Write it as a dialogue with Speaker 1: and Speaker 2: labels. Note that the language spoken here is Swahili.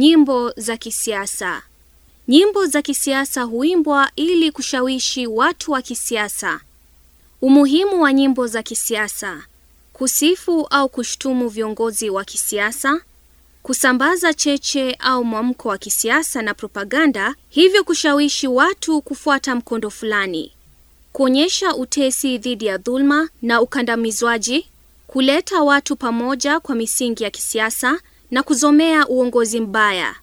Speaker 1: Nyimbo za kisiasa. Nyimbo za kisiasa huimbwa ili kushawishi watu wa kisiasa. Umuhimu wa nyimbo za kisiasa: kusifu au kushtumu viongozi wa kisiasa, kusambaza cheche au mwamko wa kisiasa na propaganda, hivyo kushawishi watu kufuata mkondo fulani, kuonyesha utesi dhidi ya dhulma na ukandamizwaji, kuleta watu pamoja kwa misingi ya kisiasa na kuzomea uongozi
Speaker 2: mbaya.